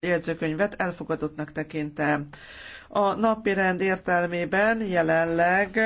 jegyzőkönyvet elfogadottnak tekintem. A napirend értelmében jelenleg